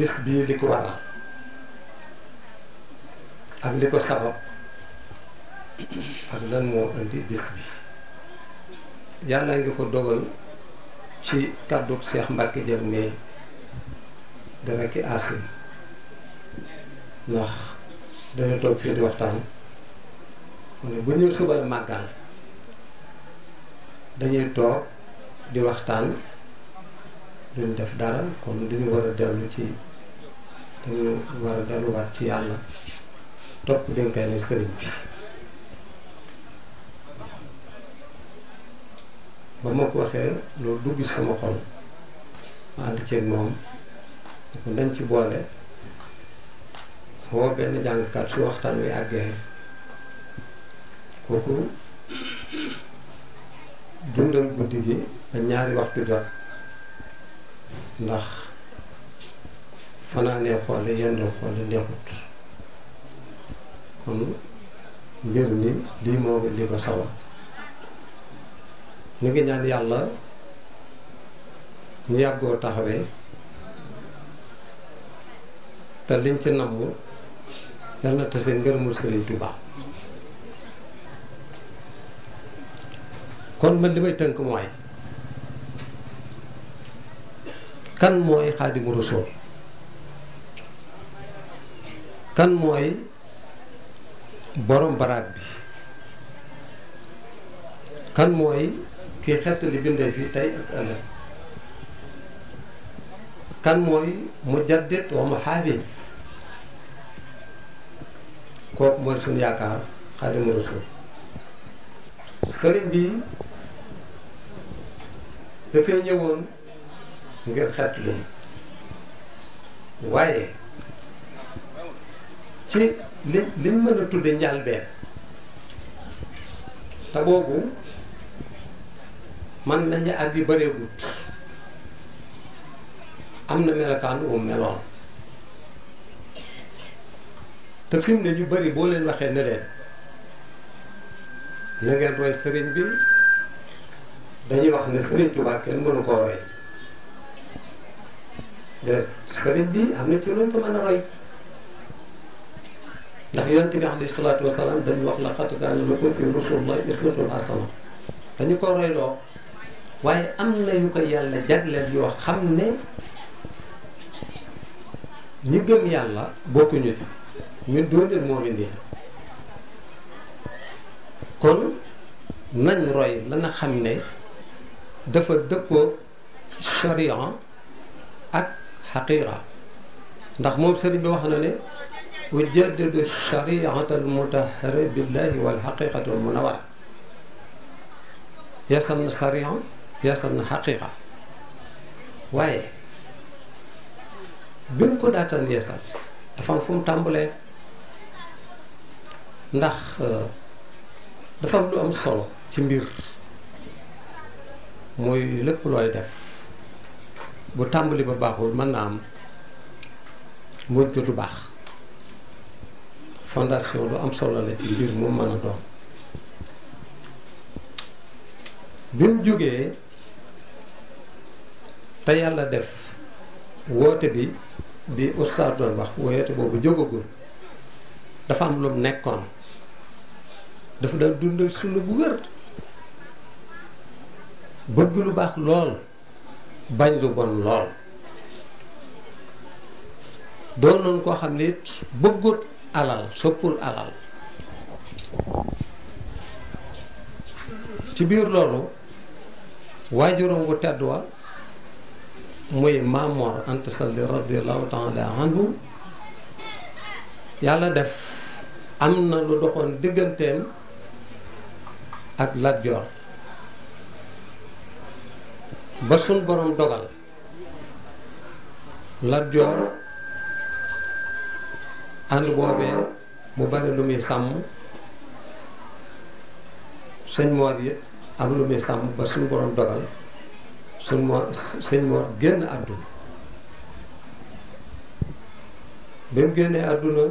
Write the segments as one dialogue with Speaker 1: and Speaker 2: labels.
Speaker 1: bis bii li ko waral ak li ko sabab ak lan moo indi bis bi yàlla ngi ko dogal ci kàddug Seex Mbàkke jël ne dana ki asin ndax dañu toog fii di waxtaan mu ne bu ñëw suba la màggal dañuy toog di waxtaan duñ def dara kon duñu war a dellu ci dañu war a delluwaat ci yàlla topp dénkaane sëriñ bi ba ma waxee loolu dugg sama xol ma ànd ceeg moom ne ko dañ ci boole woo benn jàngkat su waxtaan wi àggee kooku dundal guddi gi ba ñaari waxtu jot ndax fanaanee xoole yendoo xoole neexut kon mbir lii moo li ko sabab ñu ngi ñaan yàlla mu yàggoo taxawee te liñ ci namm yal na tase ngërëmul Sëriñ Tuubaa kon man li may tënk mooy kan mooy Xaadimu Rasuul kan mooy borom baraag bi kan mooy kiy xettali bindee fii tey ak ëllëg kan mooy mujaddid wa muhaafis kooku mooy suñu yaakaar xaadimu rasul sëriñ bi dafay ñëwoon ngir xettali waaye ci li li mën a tudde njàlbeen te boobu man nañu at yi bëreegut am na melokaan um meloon te fi ne ñu bari boo leen waxee ne leen roy sëriñ bi dañuy wax ne sëriñ Tuubaa kenn mënu koo roy sëriñ bi am na ci loolu ko a roy نحن ينتمي عليه الصلاة والسلام دم وخلقات كان لم يكن في رسول الله إخوة العصمة فني قرأي له وي أمنا يكي يالا جدل يو خمنا نيجم يالا بوكو نيتي من دون المؤمن دي كون نن روي لنا خمنا دفر دبو الشريعة أك حقيقة نحن مو بسرعة وجدد الشريعة المطهرة بالله والحقيقة المنورة yeesal na sariya yeesal na xaqiiqa waaye bi mu ko daataan yeesal dafa am fu mu tàmbalee ndax dafa am lu am solo ci mbir mooy lépp looy def bu tàmbali ba baaxul mën na am mujj du baax fondation lu am solo la ci mbir mu mën a doon bi mu jógee te yàlla def woote bi bi ustaas doon wax woote boobu jógagul dafa am lu mu nekkoon dafa daan dundal sunna bu wér bëgg lu baax lool bañ lu bon lool doonoon koo xam ne bëggut alal soppul alal ci biir loolu waajuram bu tedd wa muy Maamoor Anta Sali radiyallahu taala yàlla def am na lu doxoon digganteem ak Lat Joor ba sun borom dogal Lat ànd boobee mu bari lu muy sàmm sëñ moor yi am lu muy sàmm ba suñ borom dogal suñ moor sëñ moor génn àdduna bi mu génnee àdduna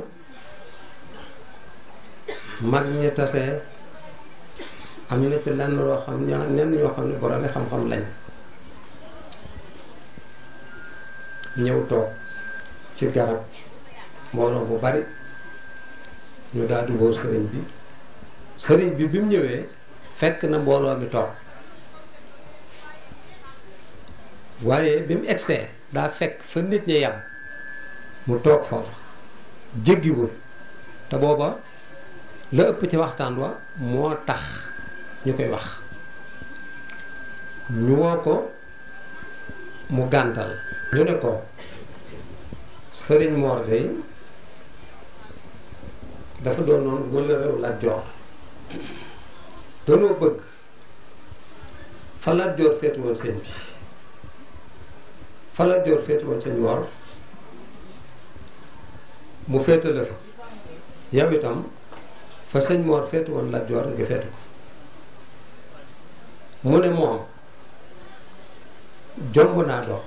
Speaker 1: mag ñi tase am na ci lenn loo xam ñenn ñoo xam ne boromi xam-xam lañ ñëw toog ci garab mbooloo bu bari ñu daal di wóor sëriñ bi sëriñ bi bi mu ñëwee fekk na mbooloo mi toog waaye bi mu egsee daa fekk fa nit ñi yam mu toog foofu jéggiwul te booba la ëpp ci waxtaan wa moo tax ñu koy wax ñu woo ko mu gàntal ñu ne ko sëriñ Mor dey dafa doon noonu wala réew Lat Joor danoo bëgg fa Lat Joor feetu woon sëñ bi fa Lat Joor woon sëñ Mor mu feeta la fa yow fa sëñ Mor feetu woon Lat nga feetu ko mu ne moom jomb naa dox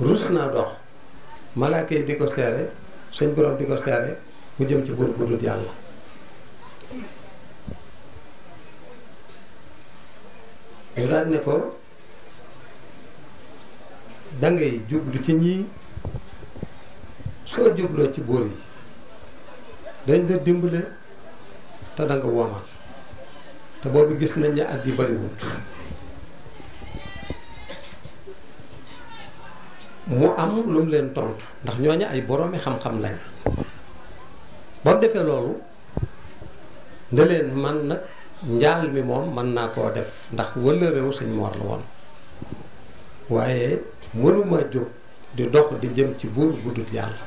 Speaker 1: rus naa dox malaaka yi di ko seere suñ borom di ko seere mu jëm ci buur bu dul yàlla ñu daal ne ko da jublu ci ñii soo jubloo ci buur yi dañ la dimbale te da nga womal te boobu gis nañ ne at yi bariwut mu am lu mu leen tontu ndax ñooñu ay boroomi xam-xam lañ mu defee loolu man nag njaal mi moom mën naa koo def ndax wëla réew sëñ Mor la woon waaye mënuma jóg di dox di jëm ci buur bu dut yàlla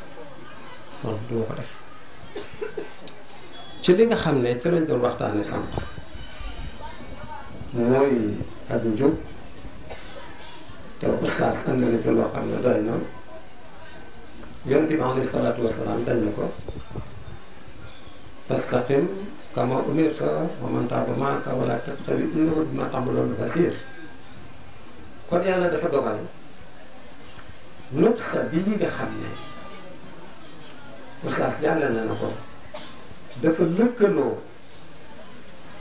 Speaker 1: duma ko def ci li nga xam ne ci lañ doon waxtaane sànq mooy ak njub te loo xam ne doy na yonent bi alayhi salaatu wasalaam dañ na ko fastaqim kama umirta wa man taaba maaka wala tastawi innahu bima ta'maluna basir kon yàlla dafa dogal nopp sa bii nga xam ne oustaz jàllale na ko dafa lëkkaloo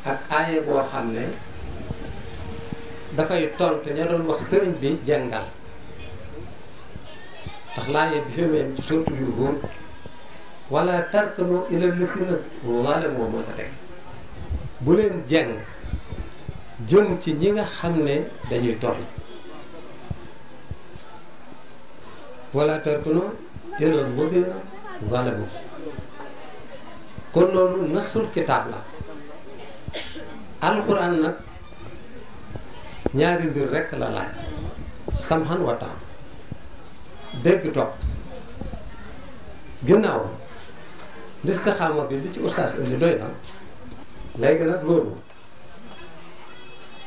Speaker 1: ak aaye boo xam ne dafay tontu ña doon wax sëriñ bi jàngal ndax laaye bi fi mu yu góor wala tarkano ilal lisina zalamu moo ko teg bu leen jëm ci ñi nga xam ne dañuy tooñ wala tarkano ilal mudina zalamu kon loolu nasul kitaab la alxuraan nag ñaari mbir rekk la laaj samxan wataan dégg topp ginnaaw ndis ka xaama bi li ci ustaas indi doy na léegi nag loolu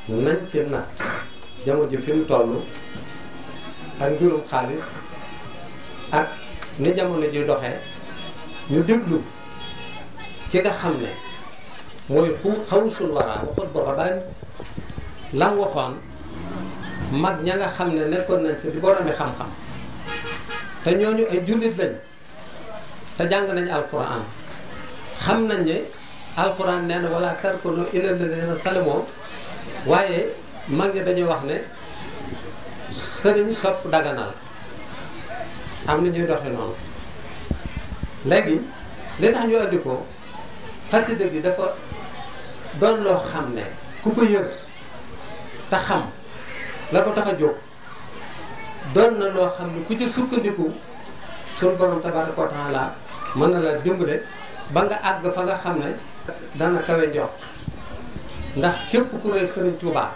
Speaker 1: nañ ci natt jamono ji fi mu toll ak mbirum xaalis ak ni jamono ji doxe ñu déglu ki nga xam ne mooy xu xawusul waraa waxoon boroba baan lam waxoon mag ña nga xam ne nekkoon nañ fi di boromi xam-xam te ñooñu ay jullit lañ te jàng nañ alquran xam nañ ne alquran nee na wala tarkunu ilal ladina zalamu waaye mag ñi dañuy wax ne sëriñ sopp daganal am na ñuy doxe noonu léegi li tax ñu andi ko xasida bi dafa doon loo xam ne ku ko yër te xam la ko tax a jóg doon na loo xam ne ku ci sukkandiku suñu borom tabaaraka wa taala mën na la dimbale ba nga àgg fa nga xam ne dana kawe njort ndax képp ku roy Sëriñ Tuubaa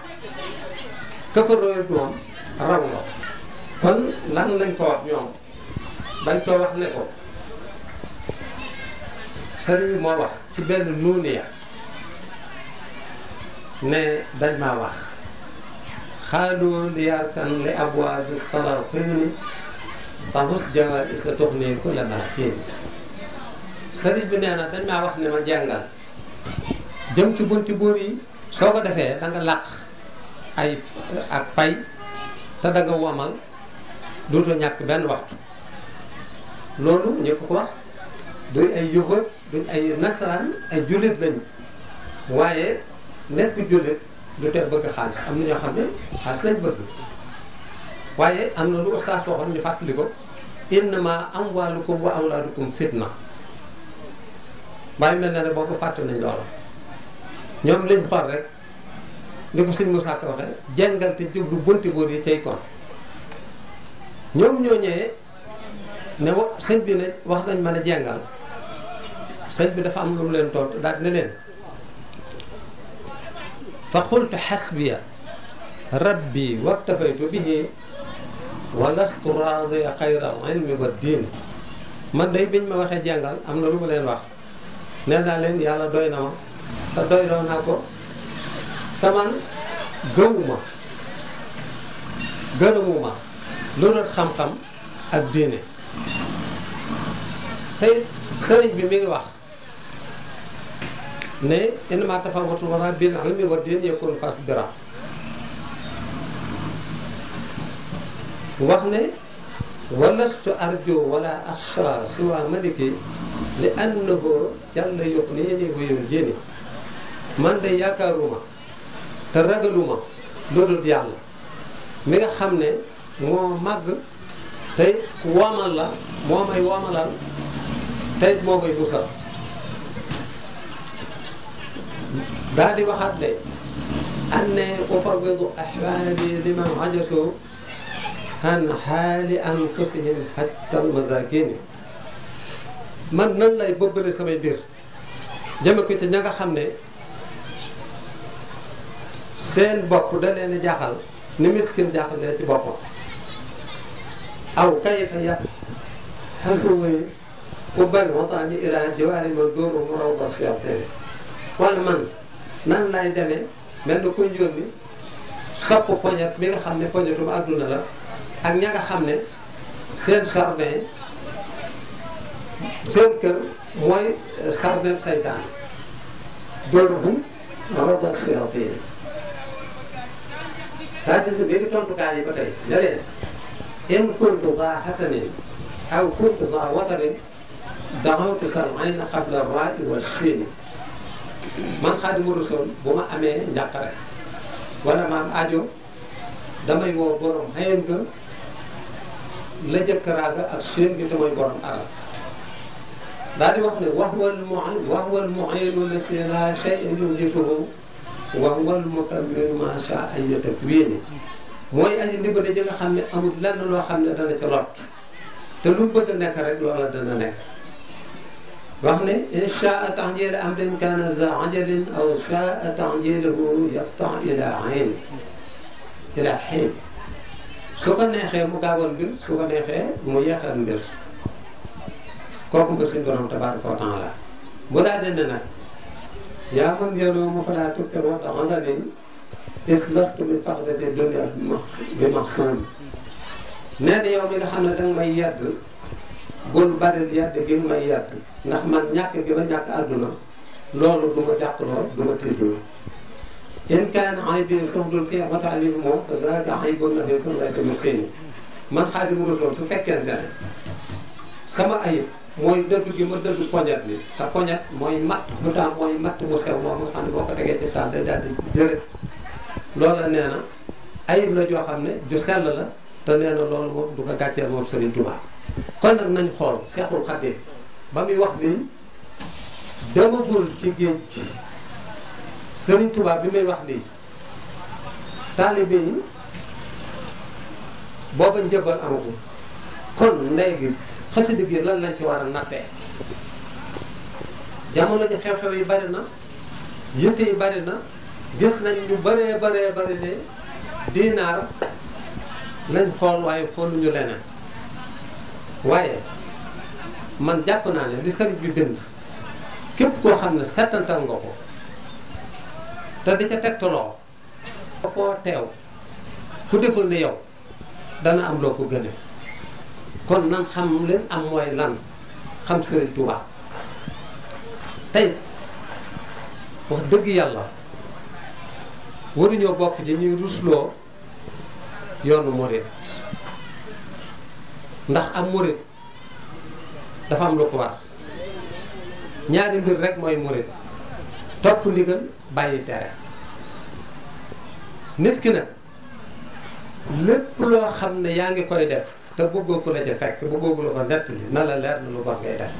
Speaker 1: ka ko royut moom raw nga kon lan lañ ko wax ñoom dañ ko wax ne ko bi moo wax ci benn nuuniya ne dañ maa wax xaaloo li yarkan li abwaa bi Pabos Jawar is la tox neen ko la baaxee sëriñ bi nee na dañ maa wax ne ma jàngal jëm ci bunti buur yi soo ko defee danga nga làq ay ak pay te danga nga womal duutu ñàkk benn waxtu loolu ñu ko ko wax duñ ay yëgoot duñ ay nasaraan ay jullit lañu waaye nekk jullit du te bëgg xaalis am na ñoo xam ne xaalis lañ bëgg. waaye am na lu ustaas waxoon ñu fàttali ko innama amwaalukum wa awlaadukum fitna bàyyi mel na ne boobu fàtte nañ loola ñoom lañ xool rek ni ko sëñ Moussa Ka waxee jàngal te jublu bunti boor yi cay ñoom ñoo ñëwee ne wa sëñ bi ne wax nañ mën a jàngal sëñ bi dafa am lu mu leen tontu daal ne leen fa xultu xasbiya rabbi waktafaytu bihi walastu raadiya xayral ilmi wa diin man day biñ ma waxee jàngal am na lu ma leen wax nee naa leen yàlla doy na ma te doy loo naa ko te man gëwuma gërëmuma lu dul xam-xam ak diine tey sëriñ bi mi ngi wax ne innama tafawwatul wara bil ilmi wa diin yakun fasbira wax ne walastu arjo wala axsha siwa maliki li annahu jàll yox nee man de yaakaaruma te ragaluma loolu yàlla mi nga xam ne moo màgg tey ku woomal la moo may woomalal tey moo may musal daa di waxaat ne an ne ufawidu ahwaali liman ajasoo an xaali anfusihim xajjal masakini man nan lay bëbbale samay mbir jëme ko ci ña nga xam ne seen bopp da leen jaaxal ni miskin jaaxal leen ci boppam aw kayfa yàq xasuway ubban wataani ilaa jiwaari man dóoru mu raw bas fiyaxtene wala man nan lay demee mel na kuñ yónni sopp poñet mi nga xam ne poñetum àdduna la ak ña nga xam ne seen jardin seen kër mooy euh, jardin saytaan dooruhum raja shayatin c'est-à-dire bi ngi tontukaay yi ba tey ne leen in kuntu za hasanin aw kuntu za watarin daxawtu sarmayna qabla raai wa siini man Xaadimu Rasuul bu ma amee njàqare wala maam ajo damay woo borom xëyam ga la jëkkaraaga ak seen gi te mooy borom aras daal di wax ne wax wal mu wax wal mu'inu la si laa shay'un yujisuhu wax wal mutammiru ma sha an yatakwiini mooy aji ndimbali ji nga xam ne amul lenn loo xam ne dana ca lott te lu bëgg a nekk rek loola dana nekk wax ne in shaa ta'jiila amrin kaana zaa ajalin aw shaa ta'jiiluhu yaqta' ilaa ayn ilaa hiin su ko neexee mu gaawal mbir su ko neexee mu yeexal mbir kooku nga suñ borom tabaaraka wa taala bu daa dende nag yaa man yanoomu falaa tubtir waxta andanin is lastu min faxdati dunya bi maxsuum nee na yow mi nga xam ne danga may yedd bul baril yedd gi may yedd ndax man ñàkk gi ma ñàkk àdduna loolu du ma jàq lool du ma tiitloo in kaana aybin sumtul fii wa taalif moom fa zaaka aybun nafi sum lay samul xiini man xaadimu rasul su fekkee ne sama ayib mooy dëddu gi ma dëddu poñet bi te poñet mooy matt bu taam mooy matt bu sew moom nga xam ne boo ko tegee ci taam day daal di jërët loola nee na ayib la joo xam ne ju sell la te nee na loolu moom du ko gàcceel moom Serigne Touba kon nag nañ xool Seexul Xadiim ba muy wax ni demagul ci géej Sëriñ tubaab bi muy wax lii taalibe booba njëbal amagul kon ndey gi xasida gi lan lañ ci war a nattee jamono ji xew-xew yi bari na yëtte yi bari na gis nañ ñu bëree bëree bëri ne diinaar lañ xool waaye xooluñu leneen waaye man jàpp naa ne li sëriñ bi bind képp koo xam ne settantal nga ko te di ca tegtaloo foo teew ku deful ni yow dana am loo ko gëne kon nan xam leen am mooy lan xam Sëriñ Tuubaa tey wax dëgg yàlla waruñoo bokk ji ñuy rusloo yoonu murit ndax am murit dafa am lu ko war ñaari mbir rek mooy murit topp li gën bàyyi tere nit ki nag lépp loo xam ne yaa ngi koy def te bëggoo ku la ca fekk bëggoo ku la ko nettali na la leer na lu bon ngay def